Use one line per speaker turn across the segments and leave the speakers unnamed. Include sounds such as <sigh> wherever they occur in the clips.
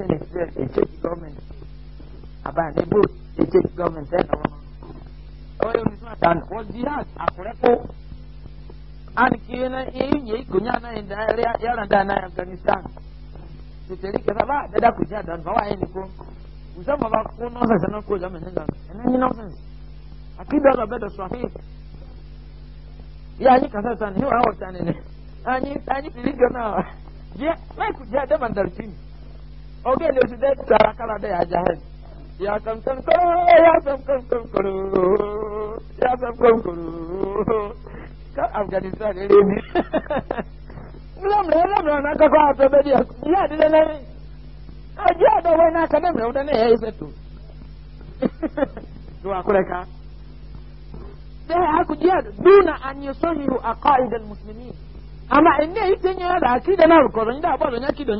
certain experience in church government about the boat in church government then
ọwọ yóò nísú àtàn wọ́n jihad àkùrẹ́kọ́ ànìkìyẹ náà èyí yẹ
ìkònyà náà yẹn
yàrá dáa náà afghanistan tètèrè kẹfà bá dada kò jihad dànù báwa yẹn nìkó wùsọ bàbá kó nọ́ọ̀sẹ̀sẹ̀ náà kó jàmẹ̀ nígbà ẹ̀nà yín nọ́ọ̀sẹ̀sẹ̀ àkíndà ọ̀dọ̀ bẹ́ẹ̀ dọ̀sọ̀ àfẹ́ yà ányi kàtà sàn ní wàá wọ̀ sàn ní ní ányi ányi fìlí jọ náà jẹ́ mẹ́ẹ̀kù jihad dẹ́ oge ne su dai tsara kara da ya jahan ya san san ya san kan kan kuru ya san kan kuru ka afghanistan ne ne lam ne lam na ka kwa to be dia ya dile ne a ja da wai na ka da me ne ya isa to to akure ka sai haku jiya duna an yusahihu aqaid almuslimin amma inne yitenye da akida na ko da ba da nyaki da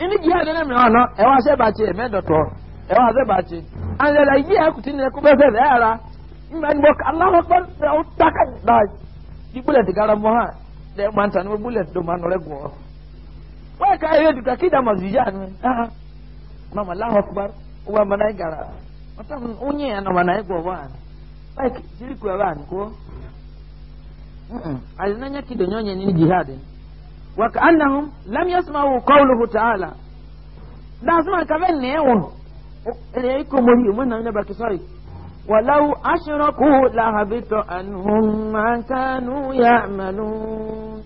ini jihad ne mìíràn no ẹ wá sẹ bàtì ẹ mẹdọtọ
ẹ wá sẹ bàtì
ànàlà yìí ẹ kùtì ní ẹkú bẹsẹ ẹ ara mbà ní bọkà aláwọ gbọ ẹ ọ taka dà di bullet gara mọ ha ẹ mọ àǹtà ní bullet dò máa nọrẹ gùn ọ. wọ́n ká ẹ yóò dùkà kí dàmọ̀ zìyà ni ah mama aláwọ gbọ wọ́n mọ náà gara ọ̀tá mi ó nyẹ̀ ẹ̀nà wọn náà gbọ̀ wọ́n àná báyìí kiri kú ẹ bá àná kó àyìnbó nyẹ́ kí dò nyọ́ nyẹ́ ní jihad وكأنهم لم يسمعوا قوله تعالى da suna kabe ne yawon da ya yi kumuri muna na baki sori walau ashiraku la habito anhum ma kanu ya'malu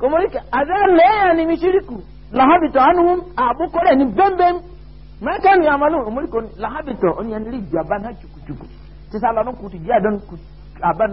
kumuri ka azan ne ya ni mishiriku la anhum abu bembem ma kanu ya'malu kumuri ko la habito cukucuku ti sala non kuti jiya don aban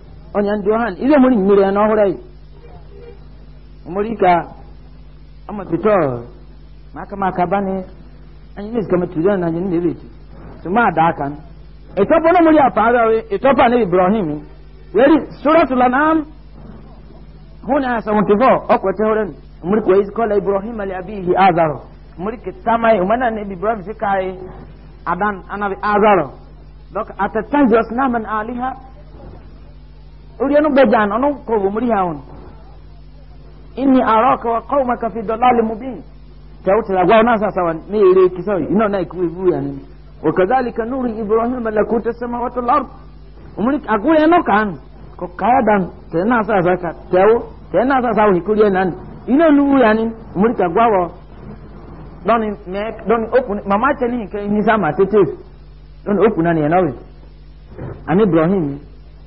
onye ndị ọha ile mori mmiri ya n'ọhụrụ anyị mori ka amapitọ maka maka bani anyị na-ezika matụrụ na anyị na-ebe etu tuma ada aka ịtọpụ na mori apaara we ịtọpụ na ibrahim weri suratul anam hụ na 74 ọkwete hụrụ nụ mori kwa ezi kọla ibrahim ali abihi azaro mori ke tamai umana e. na ebi ibrahim si anyị e. adan anabi azaro dok at the time just naman aliha orí ẹnu gbẹjà àná ọ̀nà kò wò mórí àwọn ìní àárọ̀ kọ́ kọ́ ọmọ kan fi dọ̀lá lè mú bí tẹ̀wọ́ tẹ̀lá gbọ́ náà sàṣàwà ní èrè kìsọ́ yìí iná náà ìkúwé ìbúrú yàn ni وكذلك نور إبراهيم ملكوت السماوات والأرض ومنك أقول أنا كان كايا دان تنا سا زكا تاو تنا سا ساو هيكوري نان ina nuwu ya ni murika gwawo don me don open mama tell him ke ni sama tete don open na ni na we an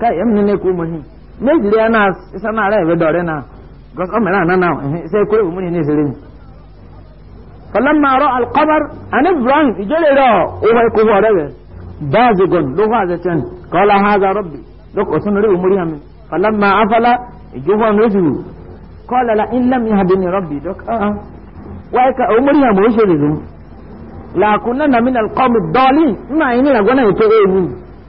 kai em ne ko mahi ne dire na isa na re be dore na gos o mera na na se ko mu ni ne sire ni falamma ra al qamar an ibran ijele ro o hay ko wa re bazigon do wa za tan qala hadha rabbi do ko sun re umuri ham falamma afala ijuwa nuzu qala la in lam yahdini rabbi do a wa ka umuri ham o shere zo la kunna min al qawmi ad-dhalin ma ina gona ito e ni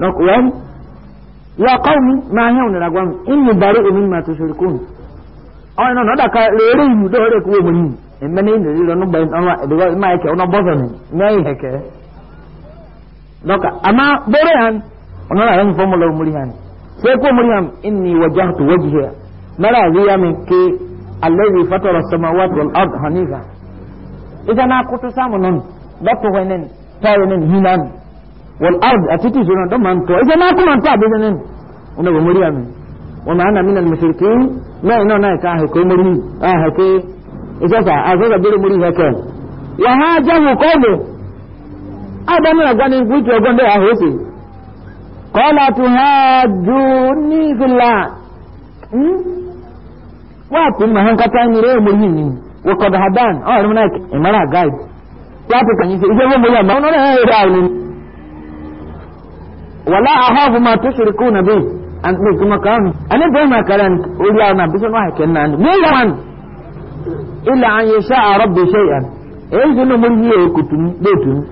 donc yan ya qawmi ma hewni ragwan inni bari'u mimma tushrikun aw oh, no no da ka rere yu do re ko mun en mene ni ri no bayin awa de ga ma yake ono bozo ni ne yake donc ama bore han ono la ran fomo lo muri han sai ko muri han inni wajhtu wajhiya mara ziya min ke allazi fatara as-samawati wal ard hanifa idan akutu samu non da to wenen tayo nen hinan wal ard àti tí ìṣòro tó máa ń tọ́ ìṣe máa kú máa ń tọ́ àbẹ́sẹ̀ nínú wọn náà wọ́n mórí àmì wọn máa ń nà mí nàní mùsùlùkì mẹ́rin náà náà ká àhẹ̀kẹ́ mórí àhẹ̀kẹ́ ìṣẹ́sà àṣẹ́sà gbére mórí hẹ́kẹ́ wàhá jáwù kọ́ọ̀lù àbámẹ́rẹ̀ gbani gbútu ọgbọ́n dẹ́ àhóṣe kọ́ọ̀lá tó há ju ní ìfìlà wọ́n àti màhánkátá ń rẹ́ mórí ni wọ́n àti kàyìn ṣe iṣẹ́ ń rẹ́ àwọn ènìyàn ولا أخاف ما تشركون به أنتم كما كان أنا بما كان ولا ما بس ما كان ولا أن إلا أن يشاء ربي شيئا أيش إنه من هي كتني بيتني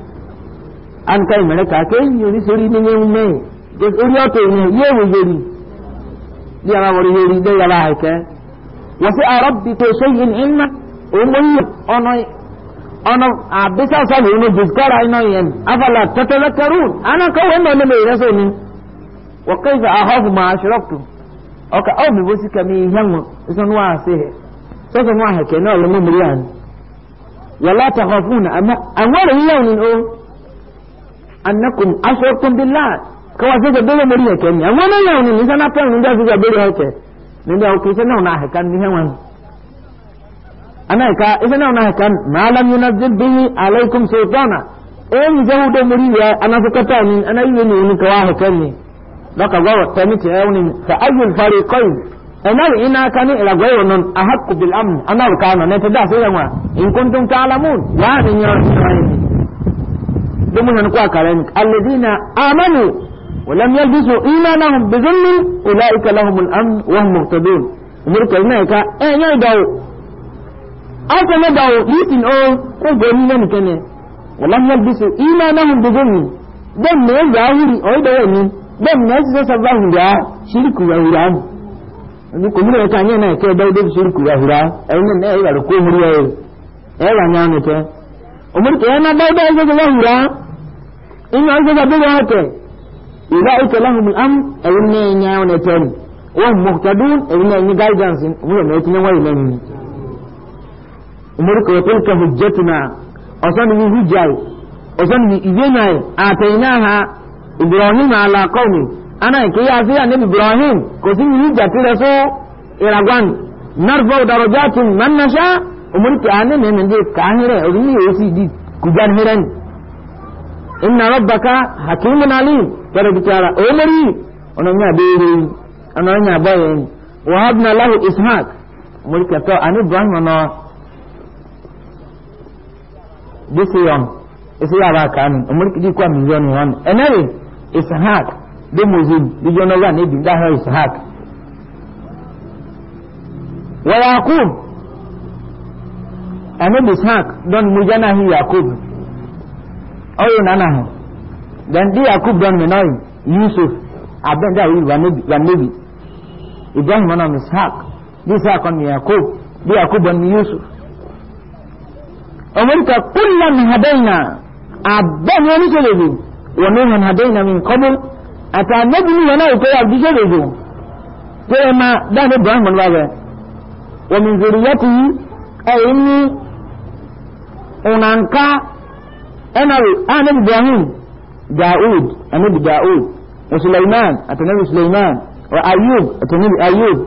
أن كان ملكا كين يوري سري من يوم ما جس أولياء تيني يه وجري يا ما وري يوري ده يا لاهك وسأ ربي تشيئا إما أمي أنا ono abisa sani ono jizkara ino yen afala tatazakkarun ana kawo wannan ne mai ni wa kaifa akhafu ma ashraktu oka aw mi bosi kami yanwo son wa se so son wa hake no lumu miliyan wala takhafuna amma anwara yawnin o annakum ashraktum billah kawa se ga dole muriya kenya na hakan ni أناك إذن أناك ما لم ينزل به عليكم سلطانا إن جهود مريا أنا فكتاني أنا يوني إنك واهكني لك الله التميت يوني فأي الفريقين أنا إنا كان إلى غير من أحق بالأمن أنا وكان نتدع سيما إن كنتم تعلمون يعني يا رسول دمنا نقوى كلامك الذين آمنوا ولم يلبسوا إيمانهم بظلم أولئك لهم الأمن وهم مهتدون أمريكا هناك أين يدعوا aka na dawo litin o ko goni na mutane wallahi yalbisu imanahum bi dhulmi dan ne zahiri o da wani dan ne su sa ba hura shirku ya hura ni ko mun ta ne na ke dai dai shirku ya hura ai ne ai da ko hura ai ai ba nya ne ta umar ke na dai dai ga ya hura in an ga da ya ta ulaika lahum al-am ay ne nya ne ta wa muhtadun ay ne guidance mun ne tin umurka wa tilka hujjatuna osan ni hujjai osan ni iyenai atainaha ibrahim ala qaumi ana ke ya fi anabi ibrahim ko sin hujja tire so iragwan narfa darajatin man nasha umurka ane ne ne kahire ori osi di kujan hiran inna rabbaka hakimun alim kada bitara umuri ononya bere ononya bayen wa habna lahu ishaq mulka to ani ibrahim ono this young ese ya ba kanu umurki di kwa milioni wani enere ishaq de muzin di jona ya ne bin daha ishaq wa yaqub anabi ishaq don mujana hi yaqub ayo nana ha dan di yaqub don menoi yusuf abin da yi wa nabi ibrahim ana ishaq di ishaq on yaqub di yaqub on yusuf أمرك كل من هدينا أبان ونسلبه ومن هدينا من قبل أتى نبني ونا يكوي عبد شبه كما دان إبراهيم من واجه ومن ذريته أي إني أنانكا أنا أنا إبراهيم داود أنا داود وسليمان أتى نبي سليمان وأيوب أتى نبي أيوب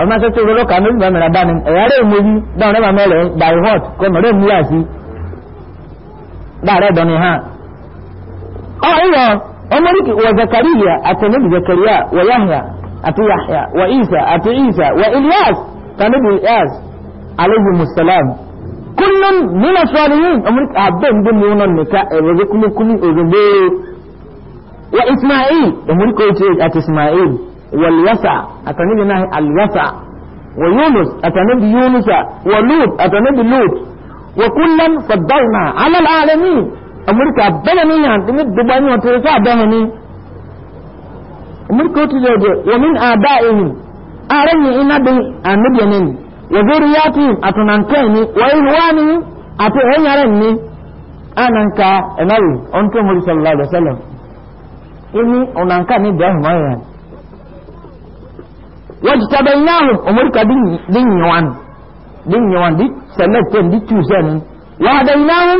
ọ̀rọ̀ máa sọ́tò olóka méjì bá mẹ́ra bá ní ẹ̀yà rẹ̀ mọ́jú dáhùn rẹ̀ máa mẹ́rẹ̀ by hot kọ́ mọ̀rẹ́ mú yà sí dáàrẹ̀ dọ́ni ha. ọ ìyọ ọmọdéke wọ zakariya àtẹnudù zakariya wọ yahya àti yahya wọ isa àti isa wọ ilyas tanubu ilyas alayhi musalam kullum nínú sọ́ọ̀lìyìn ọmọdéke àbẹ̀ǹdé mu náà nìka ẹ̀rọ kúlíkúlí ògùnbé wọ ismail ọmọdéke àti ismail. واليسع أتنبي ناهي اليسع ويونس أتنبي يونس ولوط أتنبي لوط وكلا فضلنا على العالمين أمريكا بلني عندما دباني وتركا بهني أمريكا تجد ومن آبائهم أرني إنا بي أنبيانين وذرياتهم أتنانكيني وإخوانهم أتنانكيني أنانكا أنالي أنتم صلى الله عليه وسلم إني أنانكا ندعهم أيها wajtabainahum umurka din din yawan din yawan di sanatin di tusan wa hadainahum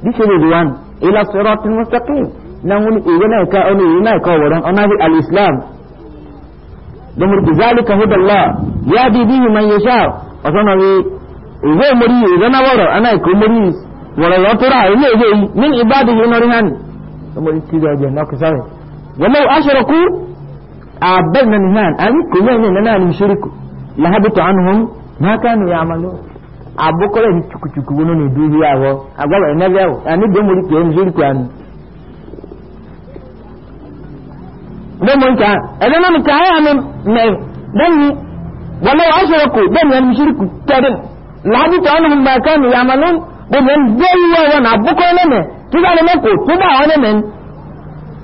di sirruwan ila siratin mustaqim nan wani igana ka oni ina ka waran onabi al-islam dumur bi zalika hudallah yadi bihi man yasha wa sanawi izo muri igana waro ana ko muri wala yatura ile ile min ibadihi narihan dumur tido je nokisa walau ashraku أعبدنا من هان أبيكم يعني أننا نشركوا لهبط عنهم ما كانوا يعملون abokore ni tukutuku wono ne dubi awo agbaba ina bi awo ani de muri ke nzuri ko ani de mon ka ele na mi ka ya me me dan ni wala wa shirku dan ni shirku tadin la bi ta anhum ma kanu yamalun de men zai wa na abokore ne ne ti ga ne ko tuba wa ne men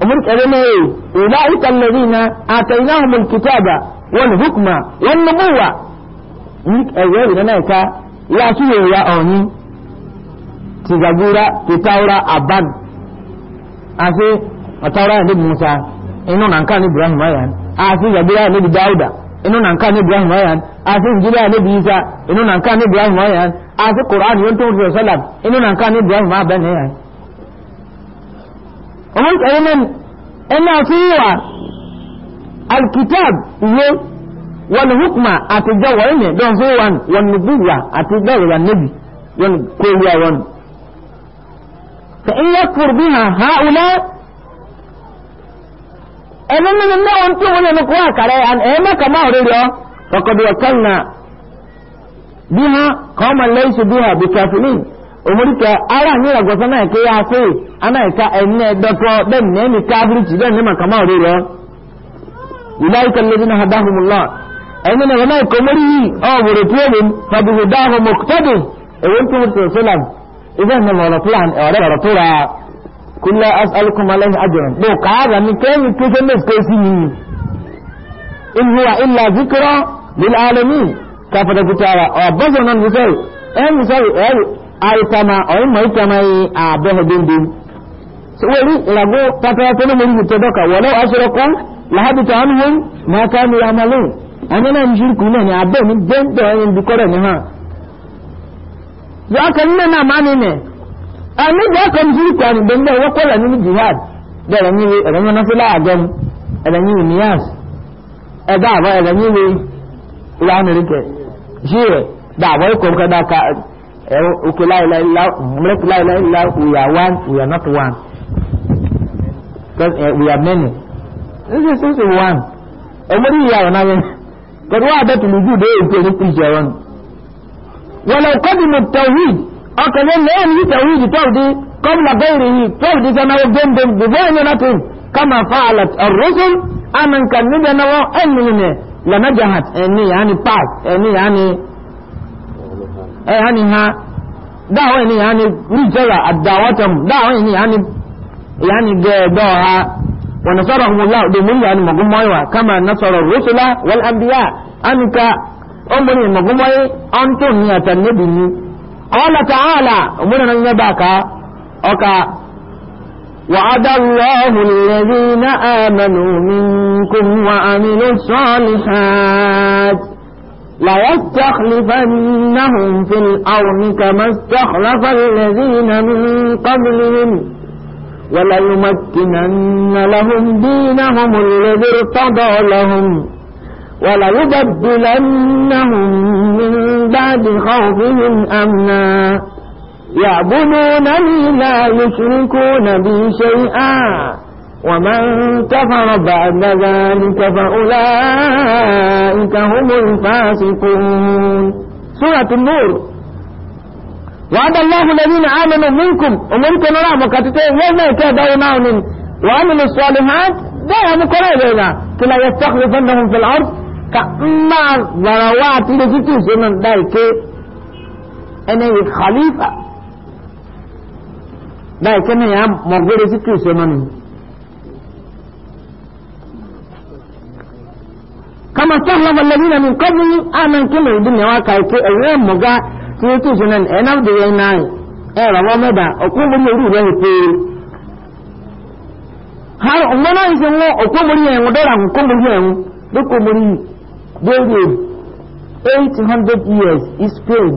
أمرك أدمي أولئك الذين آتيناهم الكتاب والحكم والنبوة أمرك أولئك أنك يا سيدي يا أوني تزاقورا تتاورا أبان أسي أتاورا يا موسى إنو نانكا نبراهيم أيان أسي زاقورا يا نبي داودا إنو نانكا نبراهيم أيان أسي إنجيلا يا نبي إيسا إنو نانكا نبراهيم أيان أسي قرآن ينتون في السلام إنو نانكا نبراهيم أبان أيان ومن تعلمون إنها فيها الكتاب إيه والحكمة أتجوى إنه دون فيها والنبوة أتجوى النبي ينكوها ون فإن يكفر بها هؤلاء ẹ̀mọ́n ní ní wọ́n tí wọ́n yẹnu kó àkàrẹ ẹ̀mọ́ kàmá ọ̀rẹ́ rẹ̀ ọkọ̀dọ̀ ọ̀kẹ́nà bí wọn kọ́ ọmọ lẹ́yìn ṣe bí wọn àbíkẹ́ ara ní ọgọ́sán náà kéèyà fún ana ika enne dako dan ne mi kafirci dan ne makama rura ulaika alladhina hadahumullah ayna ne wala ko mari o wuro tuwon fa bi hudahu muqtadi e won tu sallam idan ne wala plan e wala ratura kullu as'alukum alayhi ajran do ka ga mi ke mi ke ne ko si ni in huwa illa dhikra lil alamin ka fa da gutara o bazan nan musai en musai ay e, aitama o mai kamai e, a behedin wani rago ta ta ta na mulki ta doka walau asraku la habita anhum ma kanu ya'malun anya na shirku ne ya be ni den da yin dukore ne ha ya kan ne na mani ne ani ah, da kan shirku ani den da wa kola ni jihad da ran yi ran na fila a gan ran yi niyas e da ba ran yi ila ne rike shi da ba ko ka da ka eh ukula ila ila mulk la ila ila we are one we are not one because uh, we are many this is just one ọmọdé yìí àwọn náà yẹn kọ̀dọ̀ wà bẹ́ẹ̀ tùlù jù dé èkó ní pìṣẹ̀ wọn. wọ̀lọ̀ kọ́dù ní tawhid ọkàn ní lẹ́yìn ní tawhid twelve di kọ́mùlà bẹ́ẹ̀rẹ̀ yìí twelve di sanáwó gbẹ̀ngbẹ̀m gbogbo ẹ̀yẹ náà tó kama fa alat ọ̀rọ̀sùn àmì nǹkan níbi ẹ̀náwó ẹ̀yìn nìyẹn lọ́nà jahat ẹ̀ní eh, yàní pass ẹ̀ní eh, yàní ẹ̀yàní ha dáhùn ẹ̀ní yàní ríjọ́ra àdáwọ́tàm dáhùn ẹ̀ní yàní يعني جدوها ونصرهم الله دومين يعني مغموية كما نصر الرسل والأنبياء أنك أمني مغموية أنتم هي قال تعالى أمنا نباك أكا وعد الله الذين آمنوا منكم وعملوا الصالحات يستخلفنهم في الأرض كما استخلف الذين من قبلهم وليمكنن لهم دينهم الذي ارتضى لهم وليبدلنهم من بعد خوفهم أمنا يعبدونني لا يشركون بي شيئا ومن كفر بعد ذلك فأولئك هم الفاسقون سورة النور وعد الله الذين آمنوا منكم ومنكم نرى مكاتبه وما يكادوا نعون وعملوا الصالحات دعوا مقرأ لنا كلا يستخلفنهم في الأرض كما ضروات لفتو سنن دايك أنا خليفة دايك أنا يا مغير ستو سنن كما استخلف الذين من قبل آمن كل الدنيا وكايك أيام مغير tí ó tìṣe náà ẹ̀ náà dìyẹ náà ẹ̀ rà mẹ́ta ọ̀kún mọ́rí orí rẹ̀ pé ọmọ náà ń ṣe wọ́n ọ̀kún mọ́rí ẹ̀wọ̀n dọ́là ọ̀kún mọ́rí ẹ̀wọ̀n lókò mọ́rí david eight hundred years is spain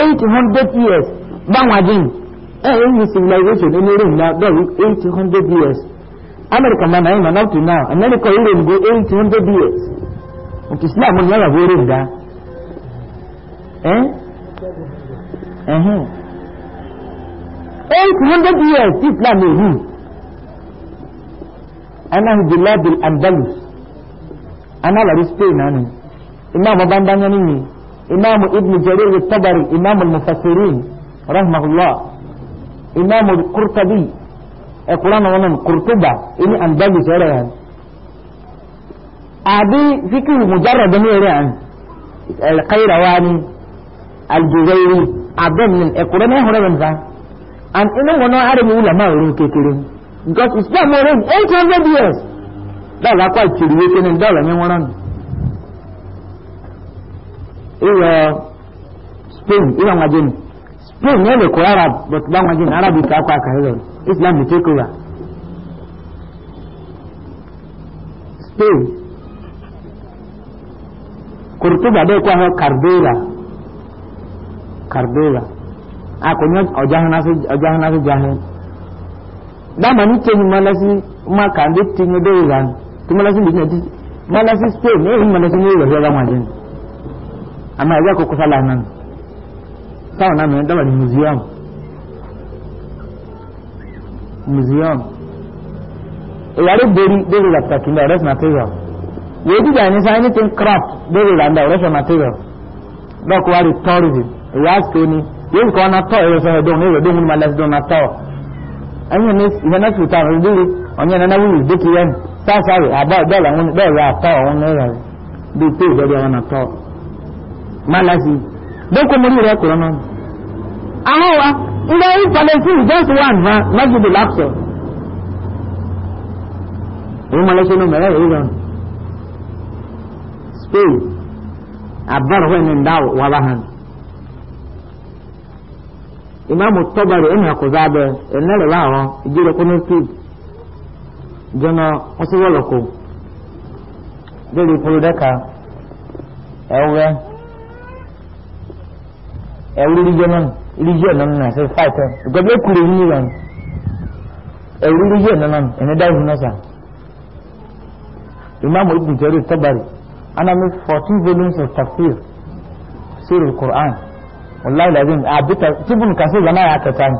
eight hundred years báwájín ẹ̀ ẹ̀ ní civilization ní eré ńlá bẹ́ẹ̀ eight hundred years america máa náà ẹ̀ máa náà tó náà america eré ńgbó eight hundred years òtù islam ní yàrá wọ́n
Eh?
eight hundred years islam ò rí anahidullah bil andalus anáwàrí spain náà ni imam ọba ń dáná nínú imam ibn jarir tabari imam al-mufassirin rahmahullah imam al-qurtabi ẹ̀kúrán e, náà wọn kùrtùbà ní andalus ẹ̀rẹ̀ yẹn àbí fíkìrì mujarrad ní ẹ̀rẹ̀ yẹn ẹ̀rẹ̀ kairawa aljuzairi abin ekure ne hore banza and ina wono are mu ulama ro kekere because not more than 800 years da la kwa chiriwe kene da la nyoran Iwe spain iwa ngajeni spain ne le arab but ba ngajeni arabi ka kwa islam ni take over spain kurtuba Cardova akọnyọ nasi, n'asọ nasi n'asọ jahun dama ni tẹnyi malasi maka ndé tẹnyi dé ìlànà tí malasi bìí nàti malasi spain ní èyí malasi ní ìwà fẹlẹ wọn jẹun àmà ẹgbẹ àkókò sálà náà táwọn náà mẹrin dábàá ní museum museum ìyàrá borí dèrè la pàtàkì ní ọrẹsì material wòye dídà ní sáyẹnì tí ń crop dèrè la ní ọrẹsì material lọkùnrin tourism ya so ni yau ka wana to yau sai don yau don mun malas don na to anya ne ya na tuta ru dili anya na na wu diki yan sa sa ru aba da la mun da ya to on ne ya bi pe da da na to malasi don ko muri ra ko na ahawa ila yi palestine just one ma masjid al aqsa o malasi no mera yi don imamu tɔbari ɛna kɔzaabe ɛna lɛba ahɔ edzire kɔ n'otu dzɔnɔ ɔsi wɔlɔko deli polo dɛka ɛwɛ ɛwuli dzɔnɔ lidzie nɔnɔ na se faitɛ gbɛgbɛ kuru yi la ɛwuli lidzie nɔnɔ ɛna da ihu nɔsa imamu ibi jɛri tɔbari anami fourteen volumes of tafsir siri quran wallahi lazim a ah, bita tibun kasu zama ya ta tani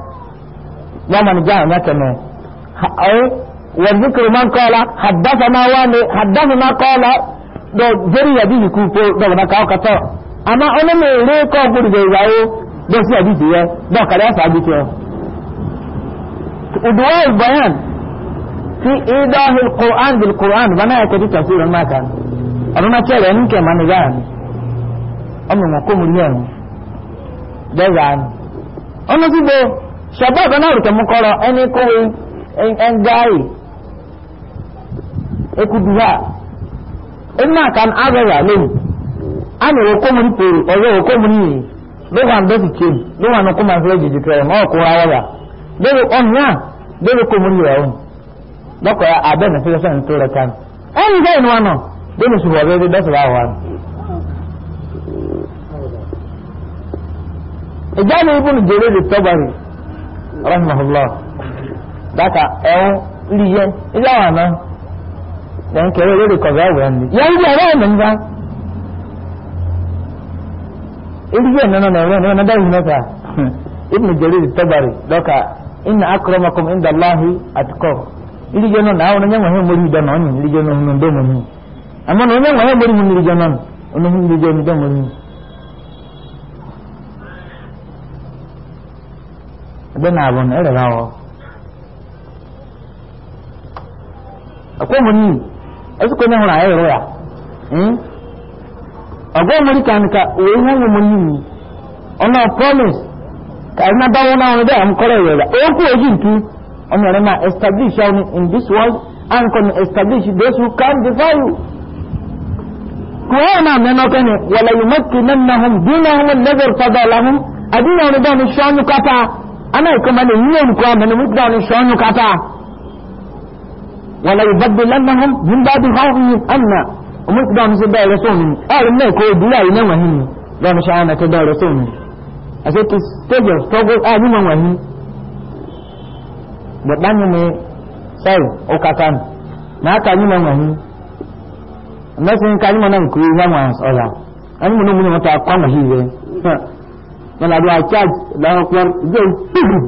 ya man ja na ta ne ai wa zikru man qala haddathana wa ne haddathana qala do jeri ya bi ku ko do na ka ka to amma ona me re ko gudu be yawo do si abi je do ka da sa abi ke udwa bayan fi idahi alquran bil quran bana ya ta tafsirin ma kan amma ce da nke man ga amma ko mu dẹ́gbàánu ọmọ gbogbo ṣọ̀bọ́ kan náà rùkẹ̀ mú kọ́rọ̀ ẹni kówé ẹngáyì ekuduwa ẹnna kan agbára lónìí àmì òkómù ní pèrè ọ̀rẹ́ òkómù ní lóhàn bẹ́sì kye lóhàn ọkọ̀ máa jìjì kẹrẹ̀ mọ́ ọkọ̀ awọ́ra lórí ọ̀nà lórí kómù ní ìyàwó lọ́kọ̀ọ́ abẹ́ nàfẹ́ sọ́yìn kan ìjáde ibùn jèrè lè tọ́bàrì rahmahullah dáka ẹ̀wọ̀n rí yẹn ilé àwọn àná lẹ́yìn kẹrẹ lórí kọ̀ọ̀bẹ àwòrán ni yẹn rí ẹ̀rọ ẹ̀mí nígbà èyí yẹn nínú ẹ̀rọ ẹ̀rọ ẹ̀rọ dáhùn mẹ́ta ibùn jèrè lè tọ́bàrì dọ́ka ina akramakum inda allahi atqakum iri jono na awon nyama he mori da non iri jono non do mo ni amma non nyama he mori ni iri jono non non iri jono do mo ni bẹ́ẹ̀ náà àbọ̀nà ẹ̀rẹ̀ láwọ̀ akwai muni asu ko nahura ayi roya hmm ago muri kan ka we hu muni ni ona promise ka na dawo na wani da am kore yola o eh, ku ojin tu ona rama establish you in this world and can establish those who can defy you kuona meno kene wala yumakkinannahum dinahum alladhi irtada lahum adina wani da ni shanu kata ana yi kuma ne yiwu kuwa mani mutda ne shonu kata wala yubaddilannahum min ba'di khawfihim amna ah, ne su da rasulun ayin ne ko dula ne wahin da mu ta da a sai ki stage of struggle a ni man wahin da dan ne sai o kata na ka yi man wahin na sun ka ni man ko yi zama sola an mun mun mata wọn làdó àcháàjì làwọn ọkùnrin ìjọ ìṣègùn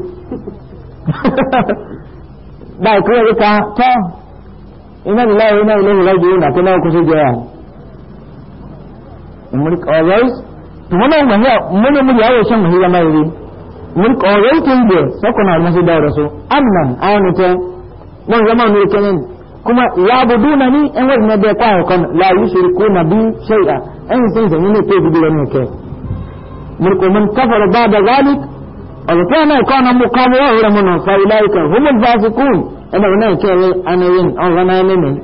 báyìí kúrò nípa tọ́ iná ìlà iná ìlà ìlà ìjọ ìrìn àti náà kó sí jẹ́ ọ̀rẹ́s tùmọ́nà ìgbàgbọ́ mọ́nà mú yàwó sọ́n mọ̀ híra máa rí mọ́nà ọ̀rẹ́ tó ń bẹ̀ sọ́kùnà àmọ́sí dá ọ̀rọ̀ so amnan àwọn ìtẹ́ wọ́n zama ní ìkẹ́yìn kuma ya budu na ni ẹwọ́n ìmẹ́bẹ̀ẹ́kọ́ àyẹ̀kọ́ la yìí ṣe kó na bí ṣe à ẹ̀yìn sí ìṣẹ̀yìn ní pé ìdíbí rẹ̀ ní ملك من كفر بعد ذلك أو كان كان مقامه رمنا فأولئك هم الفاسقون أنا هنا أنا وين أو أنا من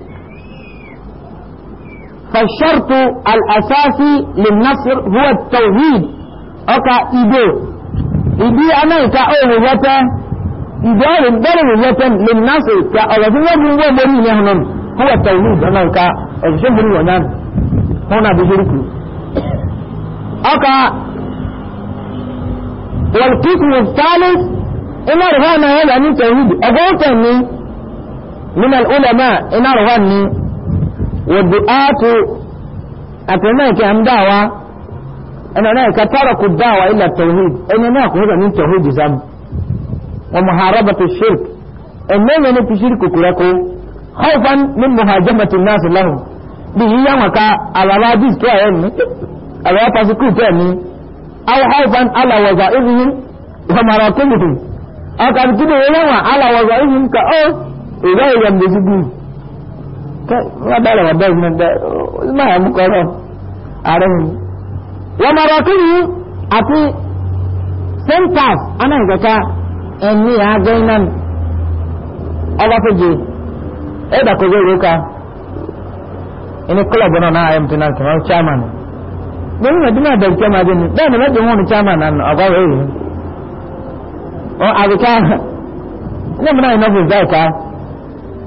فالشرط الأساسي للنصر هو التوحيد أكا إيدو إيدي أنا كأوه وتا ايدو الدرم وتا للنصر كأوه وتا ومرين يهنم هو التوحيد أنا كا شمري وانا هنا بشركه أكا والقسم الثالث إما رغانا يلا من توحيد أقولتني من العلماء إما رغاني والدعاة أتناك أم دعوة أنا ناك تركوا الدعوة إلا التوحيد أنا ناك هذا من توحيد زم ومحاربة الشرك أننا نتشرك كلكو خوفا من مهاجمة الناس لهم بيجي يومك على راديس كأني على راديس كأني aw haufan ala waza'ihim wa marakumuhum akan kide yawa ala waza'ihim ka o ila ila mbizibu ka wadala wadala nan da ma ya muka ro aran wa marakumuhum ati centers ana gata enni ya gainan ala fuje e da ko zo ka ini club na na ayam tinan kamar chairman lórí mẹ̀dínà bẹ̀rẹ̀ máa jẹ́ ni bẹ́ẹ̀ ni mẹ́jọ wọn ni chairman and ọ̀gá rẹ̀ rẹ̀ ọ àbíká ilé mi náà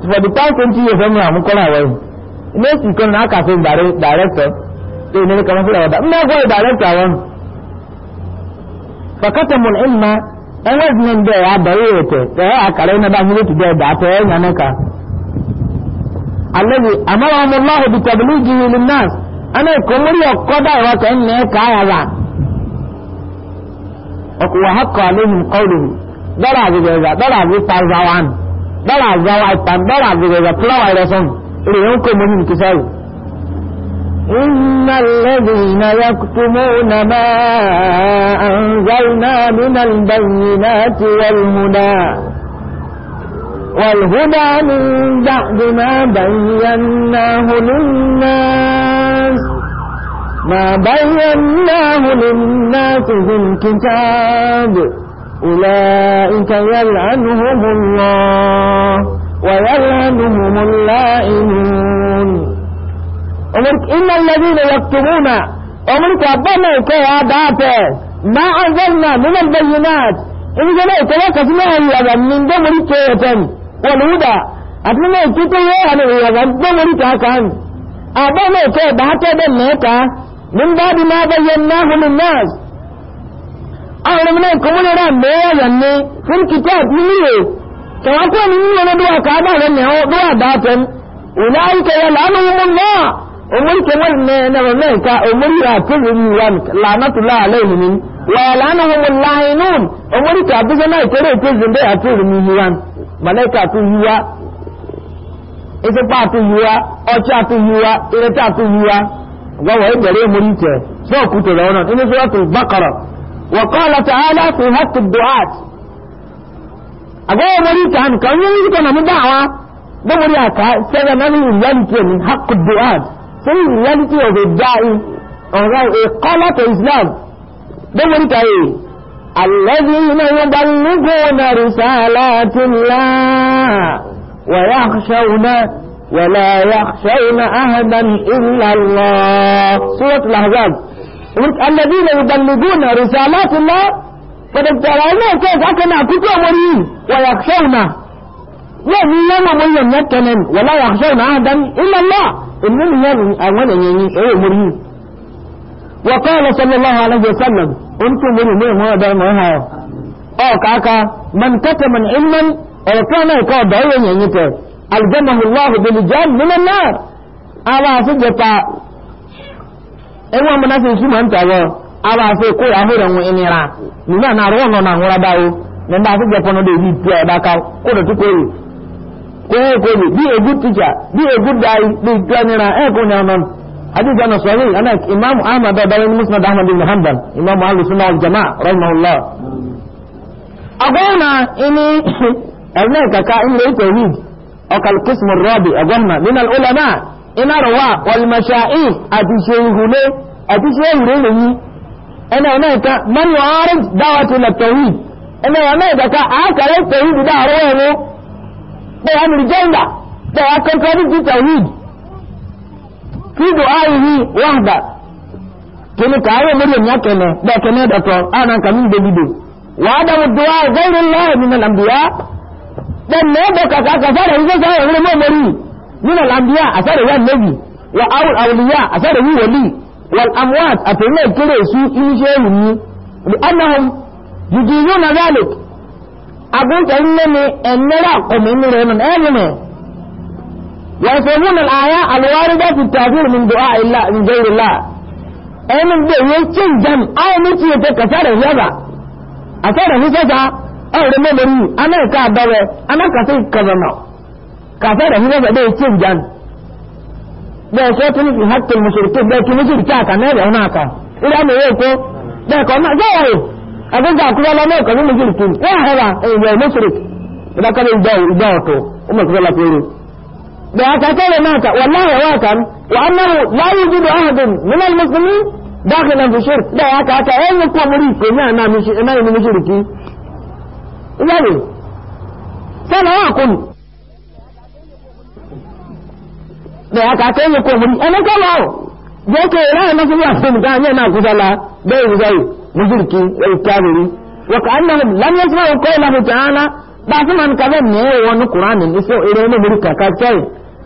for the past twenty years ọmọ àwọn kọ́lá ilé ìsìn kan náà kà fún director tó ìnáwó kan fún ìwọ̀dà mọ́ director wọn. fakata mọ̀ akara ana komori ọkọdá ìwà kan ní ẹka ara ọkọ wà hakọ alehim kọluhu dọlà àbẹ̀bẹ̀rẹ̀ dọlà àbẹ̀ta zawan dọlà àbẹ̀wà ìtàn dọlà àbẹ̀bẹ̀rẹ̀ fúláwà ìrẹsọ̀n rẹ̀ ń kọ́ mọ́mí nìkísẹ́ rẹ̀. إن الذين يكتمون ما أنزلنا من البينات والهدى والهدى من بعد ما بيناه للناس ما بيناه للناس في الكتاب أولئك يلعنهم الله ويلعنهم اللائمون أمرك إن الذين يكتبون أمرك أبنا كي أدافع ما أنزلنا من البينات إن جمعت لك اسمها من دمر كيتم wọ̀lúdà àti a òtútù yóò hàn ìrìnàjò gbọ́mọrí kàákà ní àbọ̀mọ̀ òkè ọ̀dà àtẹ́bẹ̀ mẹ́ta ní ń bá bí máa bẹ́ yẹ náhùnmí náàs àwọn ọmọ nǹkan mú lọ́rọ̀ mẹ́rẹ̀ yẹn ní fún kìtà nílò kẹwàá kó ní nílò ní dúwà rẹ̀ màláìkà tó yí wá ìfipá tó yí wá ọtí tó yí wá ìrètí tó yí wá gbọ́wọ́ ìbẹ̀rẹ̀ ìmúrí tẹ̀ sọ́ọ̀kú tẹ̀lẹ̀ ọ̀nà nínú sọ́ọ̀tù bákọ̀rọ̀ wọ̀kọ́lọ̀ tààlà fi hàtù duat agbọ́wọ́ mọ́rí tàn kan yóò rí kọ́nà mú dáwà gbọ́mọ́rí àká sẹ́rẹ̀ mẹ́rin reality ni hàtù duat sẹ́rẹ̀ reality of a da'i ọ̀rọ̀ ìkọ́lọ̀ to islam gbọ́mọ́rí tàyè الذين يبلغون رسالات الله ويخشون ولا يخشون أحدا إلا الله سورة الأحزاب الذين يبلغون رسالات الله فدكتورانا كيف أكنا كتو مريم ويخشون يعني يوم مريم ولا يخشون أحدا إلا الله إنهم يرون أولا يعني أو مريم وقال صلى الله عليه وسلم انتم من ليه هذا ده ما هو او كاكا من كتم علما او كان يقع دعوه ينيته الجمه الله بالجان من النار على سجتا ewa munafi shi man tawo ala se ko ya hore mu inira ni na na ro no na hora dawo ne da se je pono de bi tu e da ka ko ko yi ko ko bi e teacher bi e good guy bi granira e ko nya non حديث أنا صحيح أنا إمام أحمد بن مسند أحمد بن حنبل إمام أهل السنة والجماعة رحمه الله أقولنا إني أرناك كائن لي توحيد أو كالقسم الرابع أقولنا من العلماء إن روا والمشايخ أتشيه لي أتشيه لي أنا هناك من يعارض دعوة إلى التوحيد أنا هناك أكل التوحيد دعوة له ده أمر جنة ده أكل التوحيد fi du'ayihi wahda kini ka ayo ya kene da kene da to ana ah, wa adamu du'a ghairu allah min al anbiya dan ne da ka ka fara yi sai wurin mai mari min al anbiya ya nabi wa awul awliya asare yi wali wal amwat atene kire su in annahum zalik abun tanne ne ko min ne ne يفهمون الآية الواردة في التعبير من دعاء الله من غير الله أي من دعاء يشين جم أو متي يتكسر يبا أسر هسسا أو رمي أنا كابوة أنا كسي كذنا كسر هسسا ده يشين جم ده سوتني في حق المشركين ده كنيسة كذا نبي هناك إذا ما يكو ده كنا جاي أبن جاكوا لا ما يكو مشركين يا هلا إيه مشرك إذا كان يدعو يدعو تو وما كذا لا بأكثر مات والله واكم وأنه لا يوجد أحد من المسلمين داخلا في الشرك لا هكا هكا أين يكون مريك ما ما مش ما من مشركي يعني سنعاكم لا هكا هكا أين يكون مريك أنا كما جاك لا نفسي أحسن كان ينا كسلا بيه زي مشركي الكافري وكأنهم لم يسمعوا قوله تعالى بعث من كذب نيه ونقران الإسو إليه مريكا كالشيء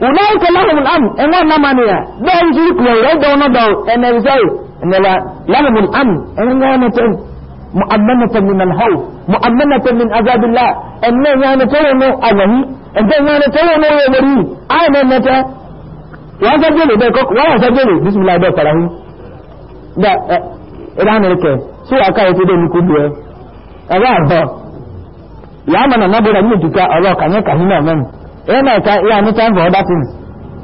ulaika lahum al-amn en wannan maniya dan ji ku yau da wannan da en ne zai en la lahum al-amn en wannan tan mu'ammanatan min al-hawf mu'ammanatan min azab Allah en ne ya ne tawo no alahi en dan ya ne tawo no ya mari ai ne ne ta ya ga jele da ko wa sa jele bismillah da farahu da ran ne ke su aka yi da ni ku biye aba ba ya mana na bora ni duka Allah kan ya kahina nan yana ta iya ni time for other things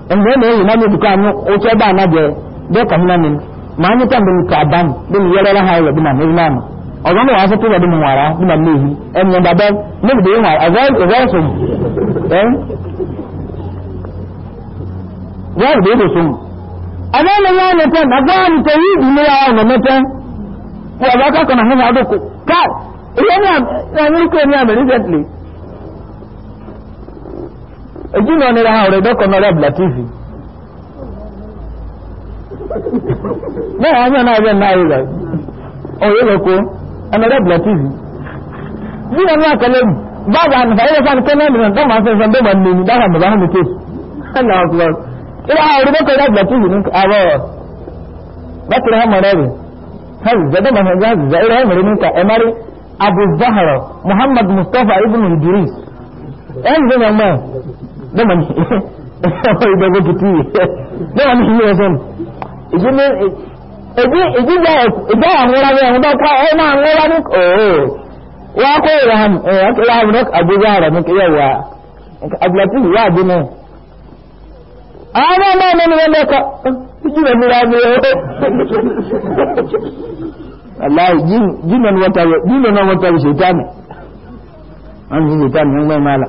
and then eh na ni duka mu o che ba na je de ka na ni ma ni tan bin ka ban bin yere la hayo bin na ni na mu o ga mu wa so to bin wara bin na ni en ya ba ba ni de wa a ga o ga so eh wa de de so ana na ya ne tan na ga ni to yi bi ni ya na ne tan wa ba ka kana ha ga do ko ka iya ni na ni ko ni recently èjì náà nira ọ̀rẹ́ dọ́kọ̀ náà rẹ̀ blatifi náà anya náà rẹ̀ náà rẹ̀ ọ̀rẹ́ lọ́kọ́ ẹ̀nà rẹ̀ blatifi bí wọn ní àkọlẹ́ mi báwa ní fàyẹ̀wò fún akẹ́kọ̀ọ́ náà nìyẹn dáhùn àfẹ́ fẹ́ bẹ́ẹ̀ mọ̀ ní dáhùn àmì báhùn nìkẹ́ ẹ̀nà ọ̀kọ́ ìwà ọ̀rẹ́ dọ́kọ̀ rẹ̀ blatifi ní àwọ̀ bákìrì hàn mọ̀rẹ́ rẹ̀ hàn zẹ́dọ̀ mọ̀ hàn zẹ́dọ̀ ìrẹ́ hàn mọ̀rẹ́ níta ẹ̀mọ́rí abu zahra muhammad mustapha ibn idris ẹ̀ ń zẹ́ dama ni ìdọ́gbọ́ tuntun yìí dama ni ìyẹ́ ẹ̀sọ́ ni ìṣẹ́lẹ̀ èdè ìdíjà ìdá àmúra bí ẹ̀hún dọ́kọ́ ẹ̀ máa ń wọ́n ní ọ̀ọ́ wọ́n kó ìrà hàn ẹ̀ ọ̀kẹ́lá àmúra àgbégbá rẹ̀ ní kíyà wà àgbàtí ìwà àbí náà. àwọn ọmọ ọmọ mi wọ́n lẹ́kọ̀ọ́ ìjìnà mi ra mi ẹ̀họ́. aláì jìnà ni wọ́n tàbí ṣètánì wọ́n ti ṣètánì wọ́n máa la.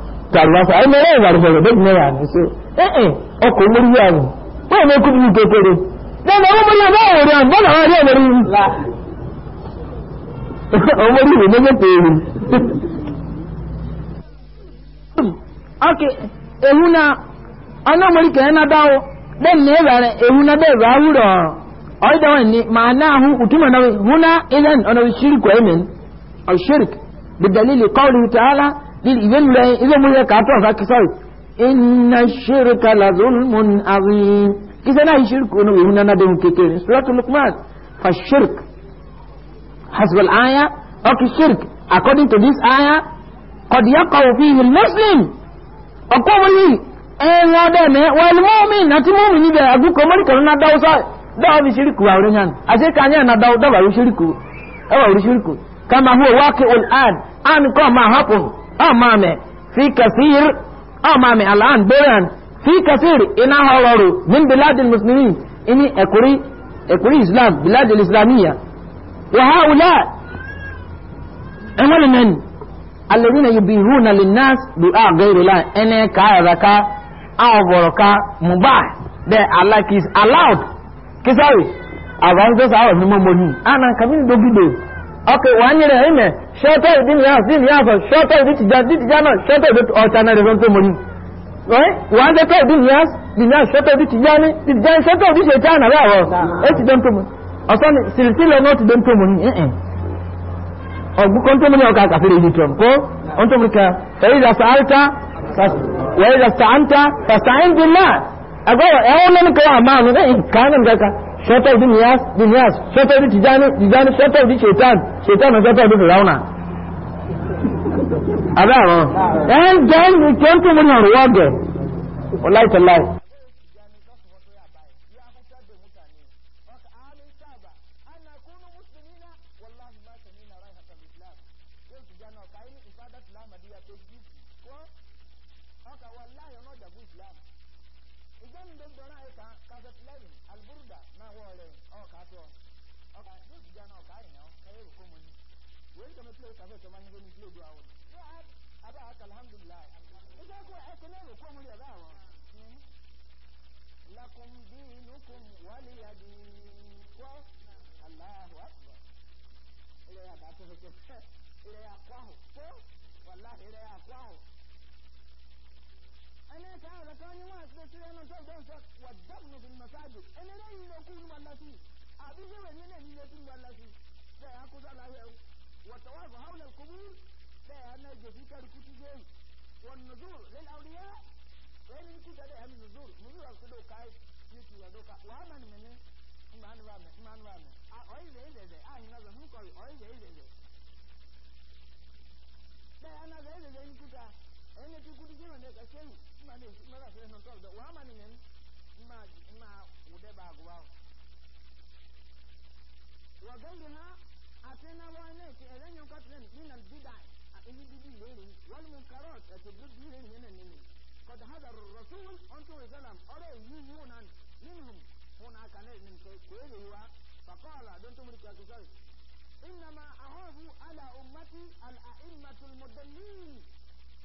tàlùwàfà ẹni ẹ̀rọ ìwàlùfẹ̀rẹ̀ bẹ́ẹ̀ mẹ́ra ní ṣe ẹ̀ẹ̀ ọkọ̀ mórí yà ní wọ́n ní kúrú kékeré lẹ́nu ọwọ́ mórí ọmọ òwúrẹ́ àbọ́nà wọn rí ọmọ rí ọmọ rí ìwé méjèèjì èrè. ọkẹ ewu na ọlọ́mọrí kẹ́hìn náà dáwọ́ bẹ́ẹ̀ ni ẹ̀rẹ̀ ewu na bẹ́ẹ̀ rà wúrọ̀ ọ̀rọ̀ ọ̀rọ̀ ni màá náà hu ìtumọ̀ náà huna ilẹ̀ ọ̀nà ìwé lẹ ìwé mú yẹ kàtọ́ ọ̀sá kí sọ́rì iná ṣeré kala zulmun awin kí sẹ́nà ìṣirkù ní ìwé nana dẹ̀hùn kékeré sọ́tún lukman fa shirk hasbal aya ọkì shirk according to this aya kọ̀díyà kọ̀wọ̀ fi hìl muslim ọkọ̀ wọn yìí ẹ̀rọ ọdẹ mẹ́ wọ́n mọ́mí àti mọ́mí níbẹ̀ agúkọ̀ mọ́rí kan náà dáwọ́ sọ́ọ̀ dáwọ́ ní ṣirkù àwọn ènìyàn àti kanyẹ náà dáwọ́ dáwọ́ àrùn ṣirkù kama huwa waqi ul an kọ́ ma happen amame fi kasir amame al'an boyan fi kasir ina hararu min biladil muslimin ini ekuri ekuri islam biladil islamiyya wa haula amal nan alladhina yubihuna linnas du'a ghayri la ene ka raka awboroka mubah de allah is allowed kisari àwọn tó sáwọn ní mọ́mọ́ ní àná kàmí dogido Ok wa nyere he me short of din ya din ya fa short of dit ja dit ja na short of dit o chana re zonto mori right wa ze to din ya din ya short of dit ja ni dit ja short of dit e chana ra wo e ti don to mo o so ni silsila no ti don to mo ni ni o ka ka fere dit ko on to mo ka fa iza sa'alta wa iza sọ́tọ̀ ìdí nìyàs nìyàs sọ́tọ̀ ìdí tìjáni tìjáni sọ́tọ̀ ìdí ṣètàn ṣètàn sọ́tọ̀ ìdí fìlàwùnà. àbẹ́ àrùn ẹ̀ ń jẹ́ ẹ̀mí kí ó ń tún mú ní ọ̀rọ̀ wọ́ọ̀gẹ̀ ọ̀láìtọ̀láì.
ka shehu ma ne ma da sai han tolda wa ma ne ne ma ma ude ba gwa wa gairaha atena wa ne ti elenyo ka tren min al bidai a ini bidi lele wal munkarat ati bidi lele ne ne ne قد هدر الرسول أنتو إسلام أرى يونا منهم هناك من كويلوا فقال دنتم ركاكسوي إنما أخاف على أمتي الأئمة المدلين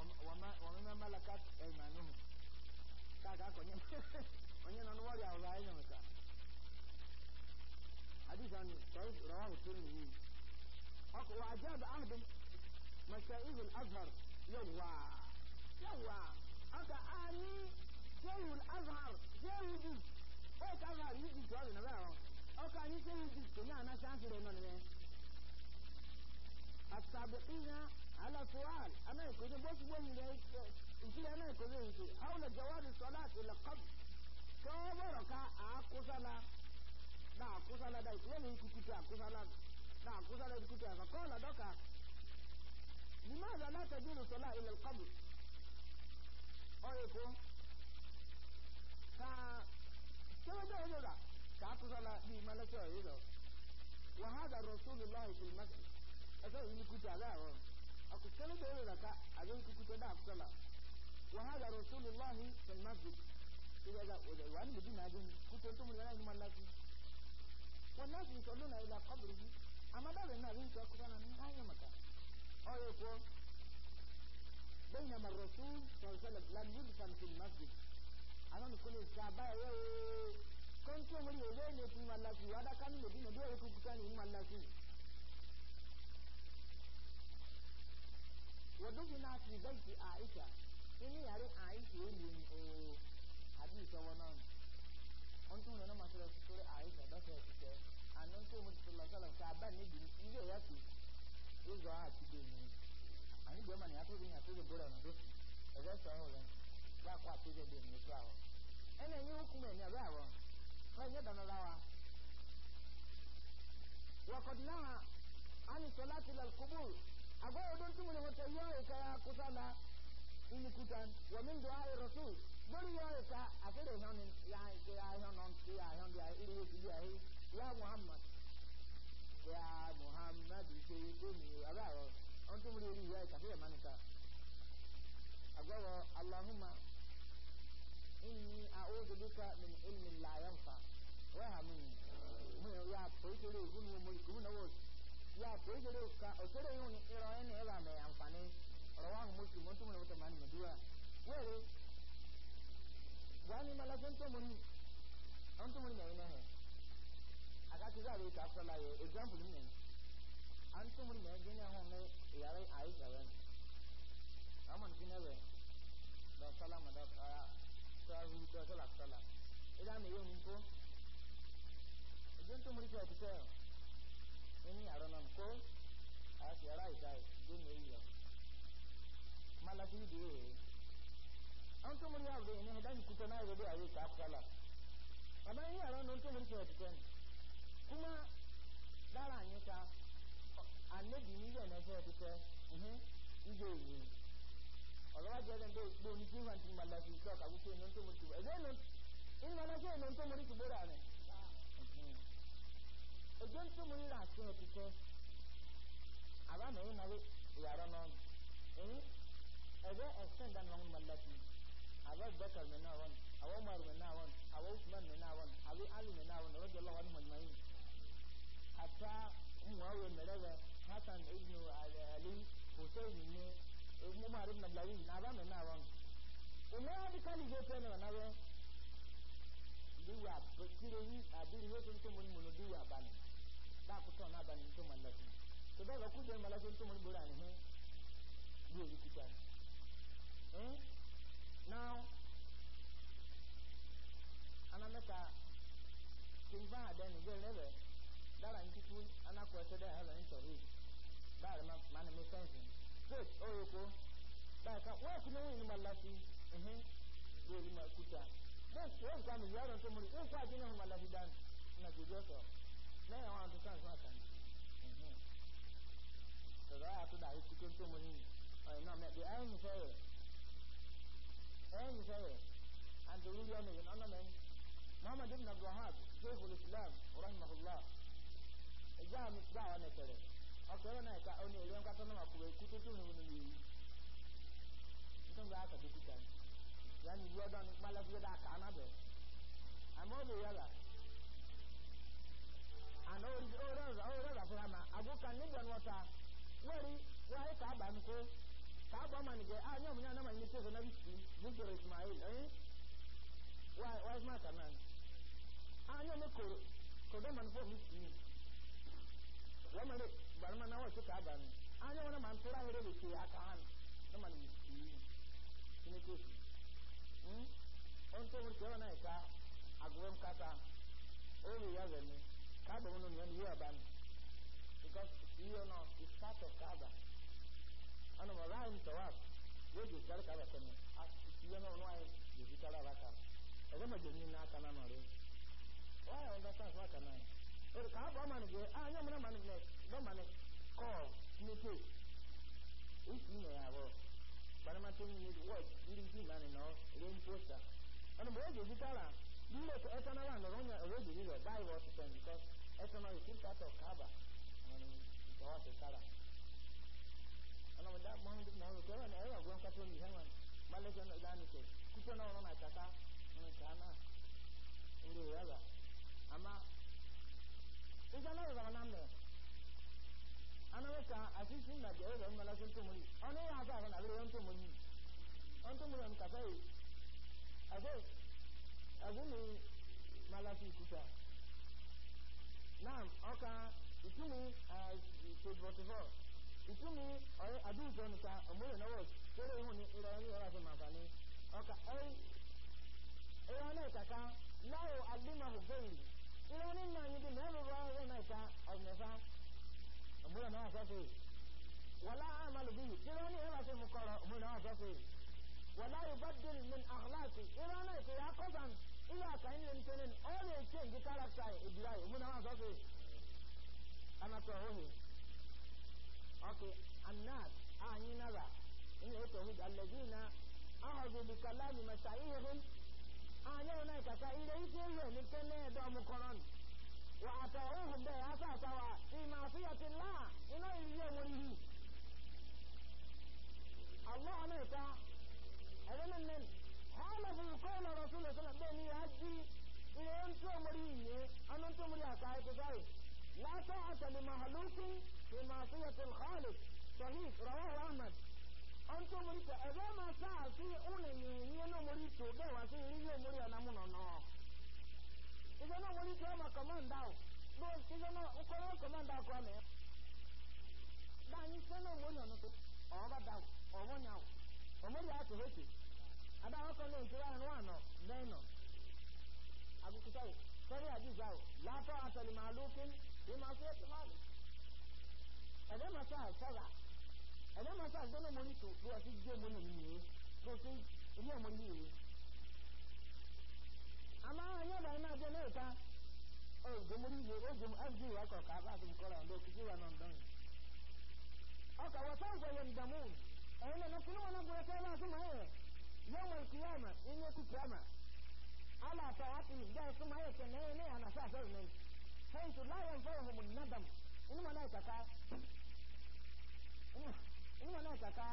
وما ومما ملكت ايمانهم كاكا كوني <laughs> كوني نانو واري او راي نمسا حديث عن صحيح رواه الترمذي واجاب عهد مشايخ الازهر يوا يوا انت اني شيخ الازهر شيخ دي او كازهر يجي سؤال نبعه او كان يشيخ دي كنا انا شانسي رمانه السابقين على سؤال أنا يقول بس بقول يجي أنا يقول يجي حول جواز الصلاة إلى كم كبرك أكوسلا لا أكوسلا ده يقول لي كتير أكوسلا لا أكوسلا كتير فقال دوكا لماذا لا تجوز الصلاة إلى القبر أو يكون ka كما ده هذا كأكوسلا دي ما نشوي وهذا رسول الله في المسجد أسأل يكتير لا أكو كلا دولة لك أجل كي تدع الصلاة وهذا رسول الله في المسجد إذا ذا وأنا بدي ما أجل كنت أنتم ولا يوم الناس والناس يصلون إلى قبره أما بعد الناس يقولون أنا من هاي مكان أو يقول بينما الرسول صلى الله عليه وسلم لم يدفن في المسجد أنا نقول الشعباء كنت أمري إليه في مالاسي وهذا كان يدين دولة كنت أمري ودفنت في بيت عائشة إني يرى عائشة يلين حديث ونام أنتم لنا ما ترى سورة عائشة دكتور كتير أن أنتم من صلى الله عليه وسلم كعبان نبي إيه يأتي إذا أتى àní bẹ́ẹ̀ mà ní atúndì ní atúndì bóra ọ̀nà tó ẹ̀fẹ́ sọ̀rọ̀ rẹ̀ bá kó atúndì bẹ́ẹ̀ ní ètò àwọ̀ ẹnna ẹ̀yìn okùn mẹ́rin ẹ̀bẹ́ àwọ̀ wọ́n yẹ dáná láwa. wọ́kọ̀dì náà ànisọ láti lọ kúbúrú akwai don tumu da wata yawai kaya kusa da inikutan wa min du'a rasul bari yawai ka a fere hannun ya ke ya hannun ke ya hannun ya iri yake ya yi ya muhammad ya muhammad ke yi ko a ba wa an tumu da yawai ka fere manuka akwai wa allahumma inni a'udhu bika min ilmin la yanfa hamini mun ya ko to le kuma na wasu ya ko jere ka o jere yun ni iro ni e ba me amfani rawahu muslim mun tumu mutum man muduwa were wani mala gon to muri an tumu ne ne he aka ti za ri ka fala ye example ni ne an tumu ne ne ne ho ne ya rai ai ga wen aman ki ne we da salama da ka ta hu da sala sala ida ne yun ko gon to muri ka ti sai ini aronan ko asi arai dai gune iyo malafi de an to muri abu ne dan kuta na gobe ayi ta kala amma ini aronan to muri ke tikan kuma dara ni ta annabi ni ya na ta tike mhm ido ni ọlọ́wọ́ jẹ́ ẹ̀dẹ̀ gbé oníṣẹ́ ìwà ti malafi sọ́ọ̀kà wípé ní ó ń tó mú ti bọ̀ ẹ̀dẹ́ ní ó ń tó mú ti bọ̀ rà ojú ń túmù ńlá àti òtítọ́ àbámẹ́yìn náà ìyàrá náà ẹ̀yìn ẹ̀rẹ́ ẹ̀sìn dáná wọn mọ̀lẹ́kì àbẹ́ bẹ́kẹ̀ mi náà wọn àwọn ọmọ mi náà wọn àwọn usman mi náà wọn àbí ali mi náà wọn ọlọ́jọ́ lọ́wọ́ ní mọ̀nyẹ́yìn àtà mùwáwé mẹrẹrẹ hasan ibn ali hussein ní mumari mọ̀lẹ́yìn àbámẹ́ náà wọn ìmọ̀ adìkálì yóò tẹ́ ní ọ̀nà rẹ̀ bí wà bẹ́tìrẹ́yìn àbí yóò tó ń tó mọ̀ bí wà bá nìyẹn da ku to na bani to mallaku to da ku je mallaku to mun bura ne he go ri ku tan eh now anameta tinva da ni je lebe dara nti tu anako se da ha ban tori dara ma man me sense coach oyoko da ka wa ku ne ni mallaku eh go ri ma ku tan Bẹ́ẹ̀ni, wọ́n ń sọ àmì ìyá ọ̀rọ̀ tó mú rí, ó ń fọ́ àjẹyàn No, no, this one is not Sunday. Mm So I have to die chicken oh, to me. Uh, no, the end say, end say, and the William is an ornament. and all these all those all those of them ago can need on water where why ka ba nko ka ba man ge ah nyom nya na man ni so na bisu bugoro ismail eh why why is matter man ah nyom ko ko do man fo mi si wa man bar man na wa so ka ba ni ah nyom na man to ra hire bi aka han na man mi si ni ko si hmm on to mo ke na ka agwem kata o ri ya ze ni Kaaba wọn ni yóò bá mi because yíyọ náà is part of Kaaba ọ̀nà mọ̀ láì ní tọ́wá yóò jù sáré Kaaba sẹ́mi yíyọ náà wọ́n yóò fi kára bá ká ẹ̀gbẹ́ mọ̀ jẹ́ ní iná kaná nà rẹ̀ wọ́n yà wọ́n bá sáà fún àkànná yẹn olè Kaaba ọmọ nìgbẹ́ ah yóò mọ̀ náà mọ̀ nìgbẹ́ bọ́ mọ̀ ní kọ́ ní pé ìsì ní ẹ̀yà bọ̀ gbanimá tó ń yẹ wọ́ọ̀dì ní ti ìmọ̀ nìyẹn náà ló ń pósà ọ̀nà mọ̀ yóò jù sí kára bí ilé ẹ̀ka náà wà lọ́rọ́ ẹsẹ̀ náà yòókù ká tọ̀ káàbà àwọn ìgbà wà sí sára ọlọ́mọdé agbọ́n dùn náà rògbò ẹ̀rọ ẹ̀rọ ọ̀gbọ́n kátó ní hẹ́wọ̀n malẹ́sẹ̀ náà ìlànà ìṣẹ̀ kúkú náà wọn náà kàkà wọn kà náà ndé ìyára àmà ìjà náà rọ̀rọ̀ náà mẹ́ anáwọ́ka àṣìṣe ìgbàgbé ẹ̀rọ mmalẹ́sẹ̀ tó mọ́ yìí ọ̀nà ìwà àgbà àwọn àlẹ́ wọn tó mọ́ yìí wọn tó mọ́ naam ọka ìtúmi eh, page forty four ìtúmi ọ̀rẹ́ àdúgbò nìka ọ̀múlò náwó kéré ihun ní ìrọ̀rẹ́ ní ìrọ̀rẹ́ fún màfàní ọka ẹ̀yìn ìrọ̀rẹ́ náà kàkà láwò àdúmọ̀hù bẹ́yìn ìrọ̀rẹ́ ní ìmọ̀ yìí bí mẹ́rin bọ́ ọ̀rẹ́ náà ìka ọ̀gbẹ̀fà ọ̀múlò náà sọ́fẹ̀ wọlá àmàlù bíyì ìrọ̀rẹ́ ní ìrọ̀rẹ́ fún mukọ̀rọ̀ ọ̀múlò náà sọ́fẹ̀ wọlá ìbọ̀dún min àkàlàkì ìrọ̀rẹ́ náà ìkìyà kọ́sàn ila kan yin tenen ole ke ngi karakta ibrahim mun ha so so ana ko hohi okay annas ani nala in ho tauhid alladina ahadu bi kalami masaihim ani ona ka ka ile ise yo ni tenen do mu koron wa atawuhum da ya sa sawa fi ma hl ụ e gaị asị ahai ụlọ yụyụhe e ina a aa kọnda ahụ ọan a aị na e ee aụ aaụ ẹ̀dẹ́ máa sọ àṣàlà ẹ̀dẹ́ máa sọ àṣàlà mọ́rí tó bí ọtí gbé mọ́ nìyí nìyí tó tó ilé ọmọ yìí rèé. àmọ́ àwọn ẹ̀yẹ́ náà jẹ́ lóòótá ọ̀gbẹ́ yìí ọ̀gbẹ́ mọ́rí yìí ọkọ̀ ká bá ọ̀dọ́ òkú síwá náà wọ́n yẹn dàmú ẹ̀yin wọn bọ̀ ẹ̀kẹ́ náà súnmọ́ ẹ̀ alàtọ̀ àti ìgbà ẹ̀kẹ́ náà inú mọ̀lẹ́ ìkàkà inú mọ̀lẹ́ ìkàkà.